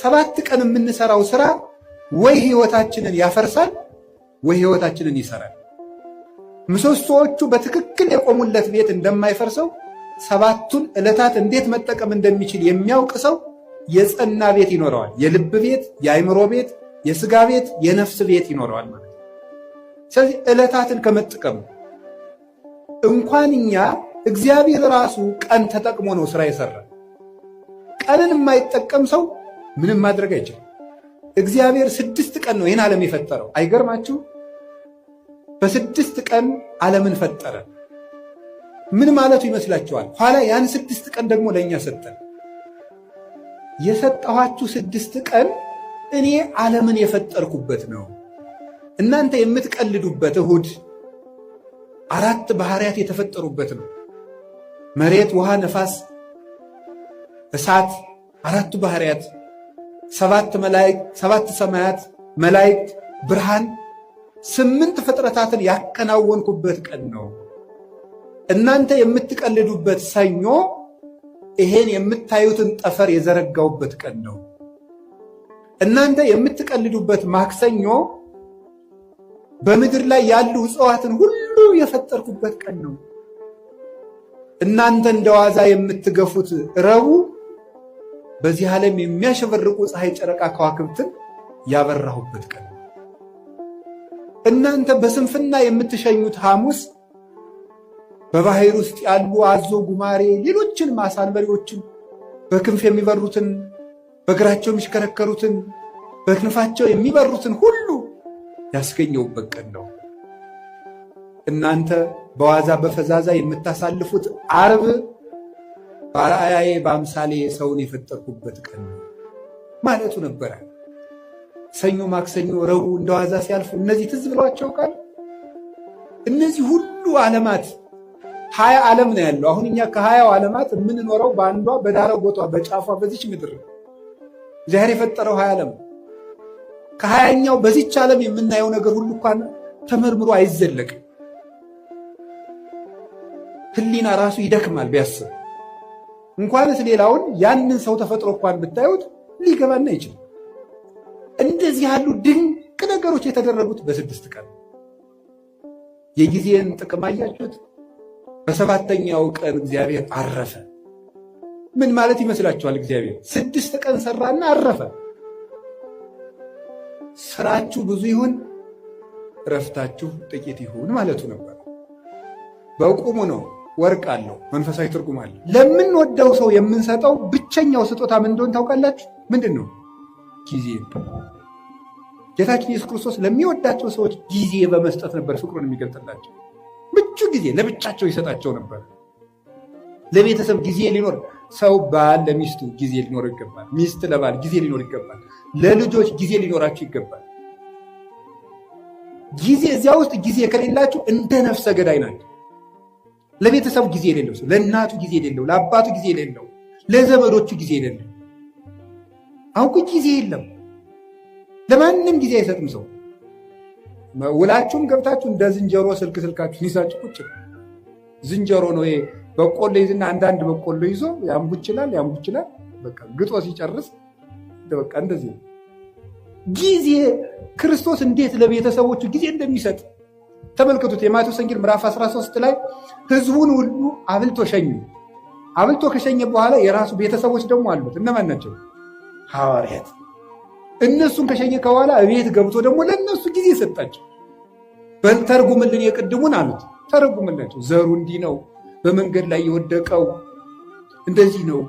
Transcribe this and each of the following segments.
ሰባት ቀን የምንሰራው ስራ ወይ ህይወታችንን ያፈርሳል ወይ ህይወታችንን ይሰራል። ምሰሶዎቹ በትክክል የቆሙለት ቤት እንደማይፈርሰው ሰባቱን ዕለታት እንዴት መጠቀም እንደሚችል የሚያውቅ ሰው የጸና ቤት ይኖረዋል። የልብ ቤት፣ የአእምሮ ቤት፣ የስጋ ቤት፣ የነፍስ ቤት ይኖረዋል ማለት ነው። ስለዚህ ዕለታትን ከመጠቀሙ እንኳን እኛ እግዚአብሔር ራሱ ቀን ተጠቅሞ ነው ስራ የሰራ። ቀንን የማይጠቀም ሰው ምንም ማድረግ አይችልም። እግዚአብሔር ስድስት ቀን ነው ይህን ዓለም የፈጠረው። አይገርማችሁ? በስድስት ቀን ዓለምን ፈጠረ። ምን ማለቱ ይመስላችኋል? ኋላ ያን ስድስት ቀን ደግሞ ለእኛ ሰጠን። የሰጠኋችሁ ስድስት ቀን እኔ ዓለምን የፈጠርኩበት ነው። እናንተ የምትቀልዱበት እሁድ አራት ባህሪያት የተፈጠሩበት ነው። መሬት፣ ውሃ፣ ነፋስ፣ እሳት አራቱ ባህሪያት ሰባት መላእክት ሰባት ሰማያት መላእክት ብርሃን ስምንት ፍጥረታትን ያከናወንኩበት ቀን ነው። እናንተ የምትቀልዱበት ሰኞ ይሄን የምታዩትን ጠፈር የዘረጋውበት ቀን ነው። እናንተ የምትቀልዱበት ማክሰኞ በምድር ላይ ያሉ እጽዋትን ሁሉ የፈጠርኩበት ቀን ነው። እናንተ እንደዋዛ የምትገፉት ረቡዕ በዚህ ዓለም የሚያሸበርቁ ፀሐይ፣ ጨረቃ፣ ከዋክብትን ያበራሁበት ቀን እናንተ በስንፍና የምትሸኙት ሐሙስ በባህር ውስጥ ያሉ አዞ፣ ጉማሬ፣ ሌሎችን ማሳንበሪዎችን በክንፍ የሚበሩትን በእግራቸው የሚሽከረከሩትን በክንፋቸው የሚበሩትን ሁሉ ያስገኘውበት ቀን ነው። እናንተ በዋዛ በፈዛዛ የምታሳልፉት አርብ በአርአያዬ በአምሳሌ ሰውን የፈጠርኩበት ቀን ማለቱ ነበረ። ሰኞ፣ ማክሰኞ፣ ረቡዕ እንደዋዛ ሲያልፉ እነዚህ ትዝ ብሏቸው ቃል እነዚህ ሁሉ ዓለማት ሀያ ዓለም ነው ያለው። አሁን እኛ ከሀያው ዓለማት የምንኖረው በአንዷ በዳረ ቦቷ በጫፏ በዚች ምድር እግዚአብሔር የፈጠረው ሀያ ዓለም ከሀያኛው በዚች ዓለም የምናየው ነገር ሁሉ እንኳን ተመርምሮ አይዘለቅም። ህሊና ራሱ ይደክማል ቢያስብ እንኳንስ ሌላውን ያንን ሰው ተፈጥሮ እንኳን ብታዩት ሊገባና አይችልም። እንደዚህ ያሉ ድንቅ ነገሮች የተደረጉት በስድስት ቀን የጊዜን ጥቅም አያችሁት። በሰባተኛው ቀን እግዚአብሔር አረፈ። ምን ማለት ይመስላችኋል? እግዚአብሔር ስድስት ቀን ሰራና አረፈ። ስራችሁ ብዙ ይሁን፣ እረፍታችሁ ጥቂት ይሁን ማለቱ ነበር። በቁሙ ነው። ወርቅ አለው፣ መንፈሳዊ ትርጉም አለው። ለምንወደው ሰው የምንሰጠው ብቸኛው ስጦታ ምን እንደሆነ ታውቃላችሁ? ምንድን ነው? ጊዜ። ጌታችን ኢየሱስ ክርስቶስ ለሚወዳቸው ሰዎች ጊዜ በመስጠት ነበር ፍቅሩን የሚገልጥላቸው። ምቹ ጊዜ ለብቻቸው ይሰጣቸው ነበር። ለቤተሰብ ጊዜ ሊኖር ሰው ባል ለሚስቱ ጊዜ ሊኖር ይገባል። ሚስት ለባል ጊዜ ሊኖር ይገባል። ለልጆች ጊዜ ሊኖራቸው ይገባል። ጊዜ እዚያ ውስጥ ጊዜ ከሌላችሁ እንደ ነፍሰ ገዳይ ናቸው። ለቤተሰቡ ጊዜ የሌለው ሰው፣ ለእናቱ ጊዜ የሌለው፣ ለአባቱ ጊዜ የሌለው፣ ለዘመዶቹ ጊዜ የሌለው። አውቁ ጊዜ የለም፣ ለማንም ጊዜ አይሰጥም ሰው። ውላችሁም ገብታችሁ እንደ ዝንጀሮ ስልክ ስልካችሁ ይዛችሁ ቁጭ ዝንጀሮ ነው በቆሎ ይዝና አንዳንድ በቆሎ ይዞ ያምጉ ይችላል ያምጉ ይችላል። በቃ ግጦ ሲጨርስ በቃ እንደዚህ ነው ጊዜ ክርስቶስ እንዴት ለቤተሰቦቹ ጊዜ እንደሚሰጥ ተመልከቱት። የማቴዎስ ወንጌል ምዕራፍ 13 ላይ ህዝቡን ሁሉ አብልቶ ሸኙ አብልቶ ከሸኘ በኋላ የራሱ ቤተሰቦች ደግሞ አሉት። እነማን ናቸው? ሐዋርያት። እነሱን ከሸኘ ከኋላ ቤት ገብቶ ደግሞ ለእነሱ ጊዜ ሰጣቸው። በተርጉምልን የቅድሙን አሉት። ተረጉምላቸው። ዘሩ እንዲህ ነው፣ በመንገድ ላይ የወደቀው እንደዚህ ነው፣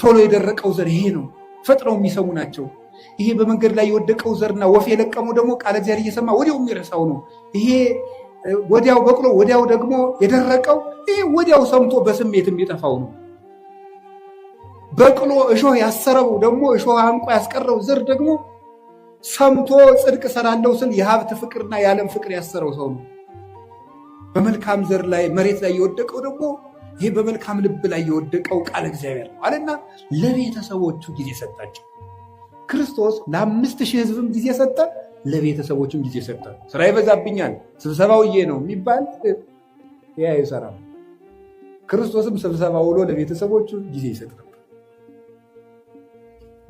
ቶሎ የደረቀው ዘር ይሄ ነው፣ ፈጥነው የሚሰሙ ናቸው ይሄ በመንገድ ላይ የወደቀው ዘርና ወፍ የለቀመው ደግሞ ቃለ እግዚአብሔር እየሰማ ወዲያው የሚረሳው ነው። ይሄ ወዲያው በቅሎ ወዲያው ደግሞ የደረቀው ይሄ ወዲያው ሰምቶ በስሜት የሚጠፋው ነው። በቅሎ እሾህ ያሰረው ደግሞ እሾህ አንቆ ያስቀረው ዘር ደግሞ ሰምቶ ጽድቅ ሰራለው ስል የሀብት ፍቅርና የዓለም ፍቅር ያሰረው ሰው ነው። በመልካም ዘር ላይ መሬት ላይ የወደቀው ደግሞ ይሄ በመልካም ልብ ላይ የወደቀው ቃል እግዚአብሔር ነው አለና ለቤተሰቦቹ ጊዜ ሰጣቸው። ክርስቶስ ለአምስት ሺህ ህዝብም ጊዜ ሰጠ፣ ለቤተሰቦችም ጊዜ ሰጠ። ስራ ይበዛብኛል፣ ስብሰባው ውዬ ነው የሚባል ያ ይሰራ። ክርስቶስም ስብሰባ ውሎ ለቤተሰቦቹ ጊዜ ይሰጥ ነበር።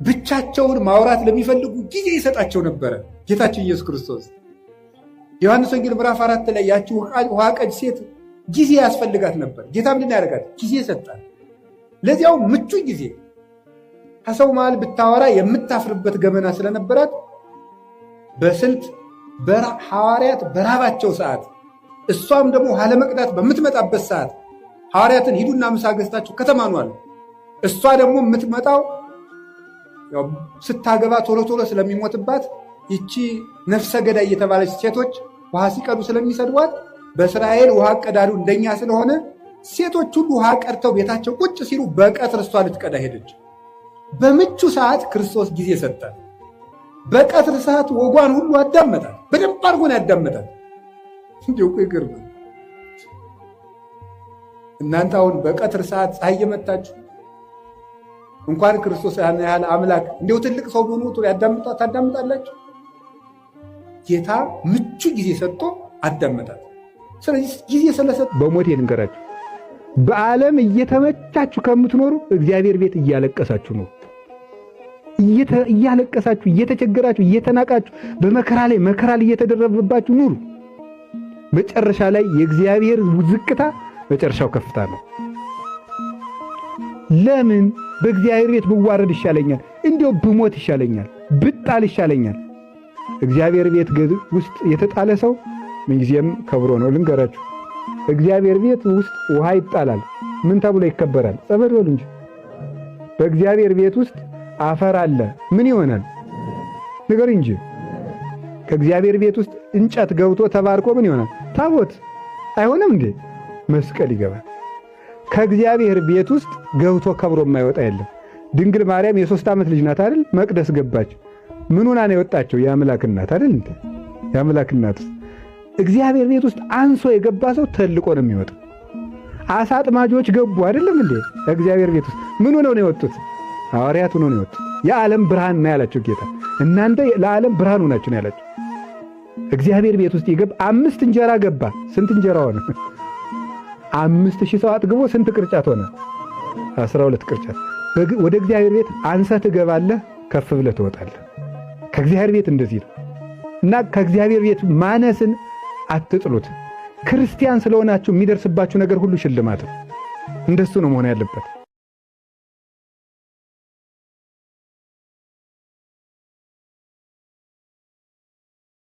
ብቻቸውን ማውራት ለሚፈልጉ ጊዜ ይሰጣቸው ነበረ ጌታችን ኢየሱስ ክርስቶስ። ዮሐንስ ወንጌል ምዕራፍ አራት ላይ ያቺ ውሃ ቀጅ ሴት ጊዜ ያስፈልጋት ነበር። ጌታ ምንድን ያደርጋት? ጊዜ ሰጣል። ለዚያው ምቹ ጊዜ ከሰው መሃል ብታወራ የምታፍርበት ገመና ስለነበራት በስልት ሐዋርያት በራባቸው ሰዓት እሷም ደግሞ ለመቅዳት በምትመጣበት ሰዓት ሐዋርያትን ሂዱና ምሳ ገዝታችሁ ከተማ ኗል። እሷ ደግሞ የምትመጣው ስታገባ ቶሎ ቶሎ ስለሚሞትባት ይቺ ነፍሰ ገዳይ የተባለች ሴቶች ውሃ ሲቀዱ ስለሚሰድቧት በእስራኤል ውሃ ቀዳዱ እንደኛ ስለሆነ ሴቶች ሁሉ ውሃ ቀድተው ቤታቸው ቁጭ ሲሉ በቀትር እሷ ልትቀዳ ሄደች። በምቹ ሰዓት ክርስቶስ ጊዜ ሰጣት። በቀትር ሰዓት ወጓን ሁሉ አዳመጣት። በደንብ አድርጎን ያዳመጣት። እንዲሁ እኮ እናንተ አሁን በቀትር ሰዓት ፀሐይ የመታችሁ እንኳን ክርስቶስ ያን ያህል አምላክ እንዲሁ ትልቅ ሰው ሆኖ ታዳምጣላችሁ። ጌታ ምቹ ጊዜ ሰጥቶ አዳመጣት። ስለዚህ ጊዜ ስለሰጥ በሞቴ ልንገራችሁ፣ በዓለም እየተመቻችሁ ከምትኖሩ እግዚአብሔር ቤት እያለቀሳችሁ ነው። እያለቀሳችሁ እየተቸገራችሁ እየተናቃችሁ በመከራ ላይ መከራ ላይ እየተደረበባችሁ ኑሩ። መጨረሻ ላይ የእግዚአብሔር ዝቅታ መጨረሻው ከፍታ ነው። ለምን በእግዚአብሔር ቤት ብዋረድ ይሻለኛል፣ እንዲሁ ብሞት ይሻለኛል፣ ብጣል ይሻለኛል። እግዚአብሔር ቤት ውስጥ የተጣለ ሰው ምንጊዜም ከብሮ ነው። ልንገራችሁ፣ እግዚአብሔር ቤት ውስጥ ውሃ ይጣላል። ምን ተብሎ ይከበራል? ጸበል በሉ እንጂ በእግዚአብሔር ቤት ውስጥ አፈር አለ ምን ይሆናል? ንገር እንጂ ከእግዚአብሔር ቤት ውስጥ እንጨት ገብቶ ተባርቆ ምን ይሆናል? ታቦት አይሆንም እንዴ? መስቀል ይገባል። ከእግዚአብሔር ቤት ውስጥ ገብቶ ከብሮ የማይወጣ የለም። ድንግል ማርያም የሶስት ዓመት ልጅ ናት አይደል? መቅደስ ገባች። ምኑና ነው የወጣቸው? የአምላክ እናት አይደል? የአምላክ እናት እግዚአብሔር ቤት ውስጥ አንሶ የገባ ሰው ተልቆ ነው የሚወጣ አሳ አጥማጆች ገቡ አይደለም እንዴ? እግዚአብሔር ቤት ውስጥ ምኑ ነው ነው የወጡት? ሐዋርያት ሆኖ ነው የወጡት። የዓለም ብርሃን ነው ያላቸው ጌታ። እናንተ ለዓለም ብርሃን ሆናችሁ ነው ያላቸው። እግዚአብሔር ቤት ውስጥ ይገብ አምስት እንጀራ ገባ። ስንት እንጀራ ሆነ? አምስት ሺህ ሰው አጥግቦ ስንት ቅርጫት ሆነ? አስራ ሁለት ቅርጫት። ወደ እግዚአብሔር ቤት አንሰ ትገባለህ፣ ከፍ ብለህ ትወጣለህ። ከእግዚአብሔር ቤት እንደዚህ ነው እና ከእግዚአብሔር ቤት ማነስን አትጥሉት። ክርስቲያን ስለሆናችሁ የሚደርስባችሁ ነገር ሁሉ ሽልማት ነው። እንደሱ ነው መሆን ያለበት።